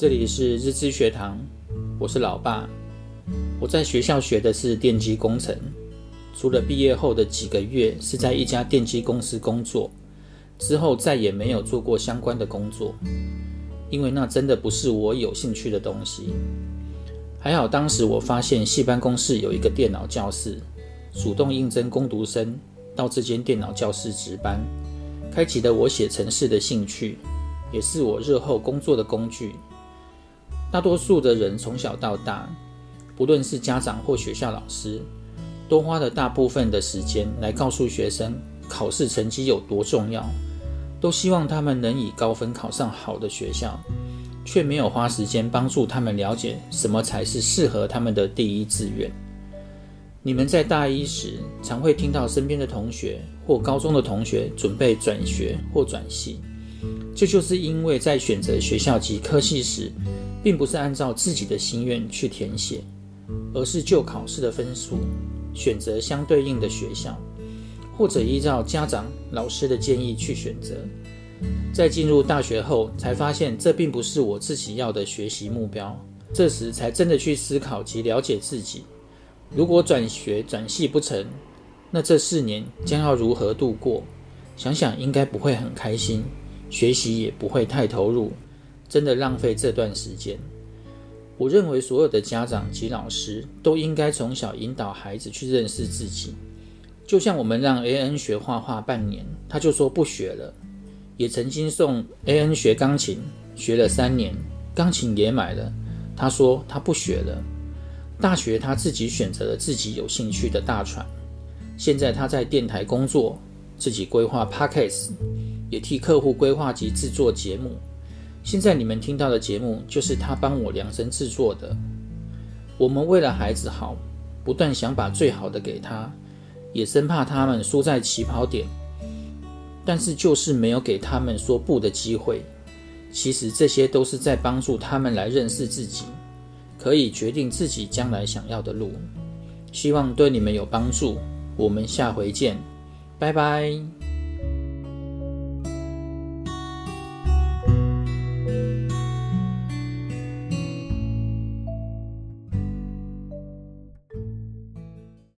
這裡是日資學堂，我是老爸。我在學校學的是電機工程，除了畢業後的幾個月是在一家電機公司工作，之後再也沒有做過相關的工作，因為那真的不是我有興趣的東西。還好當時我發現系辦公室有一個電腦教室，主動應徵工讀生，到這間電腦教室值班，開啟了我寫程式的興趣，也是我日後工作的工具。大多數的人從小到大，不論是家長或學校老師，都花了大部分的時間來告訴學生考試成績有多重要，都希望他們能以高分考上好的學校，卻沒有花時間幫助他們了解什麼才是適合他們的第一志願。你們在大一時，常會聽到身邊的同學或高中的同學準備轉學或轉系，這就，就是因為在選擇學校及科系時，並不是按照自己的心願去填寫，而是就考試的分數選擇相對應的學校，或者依照家長老師的建議去選擇。在進入大學後，才發現這並不是我自己要的學習目標。這時才真的去思考及了解自己。如果轉學轉系不成，那這四年將要如何度過？想想應該不會很開心，學習也不會太投入。真的浪費這段時間。我認為所有的家長及老師都應該從小引導孩子去認識自己。就像我們讓 A N 學畫畫半年，他就說不學了；也曾經送 A N 學鋼琴，學了三年，鋼琴也買了，他說他不學了。大學他自己選擇了自己有興趣的大傳。現在他在電台工作，自己規劃 Podcast，也替客戶規劃及制作節目。現在你們聽到的節目就是他幫我量身制作的。我們為了孩子好，不斷想把最好的給他，也深怕他們輸在起跑點，但是就是沒有給他們說不的機會。其實這些都是在幫助他們來認識自己，可以決定自己將來想要的路。希望對你們有幫助。我們下回見，拜拜。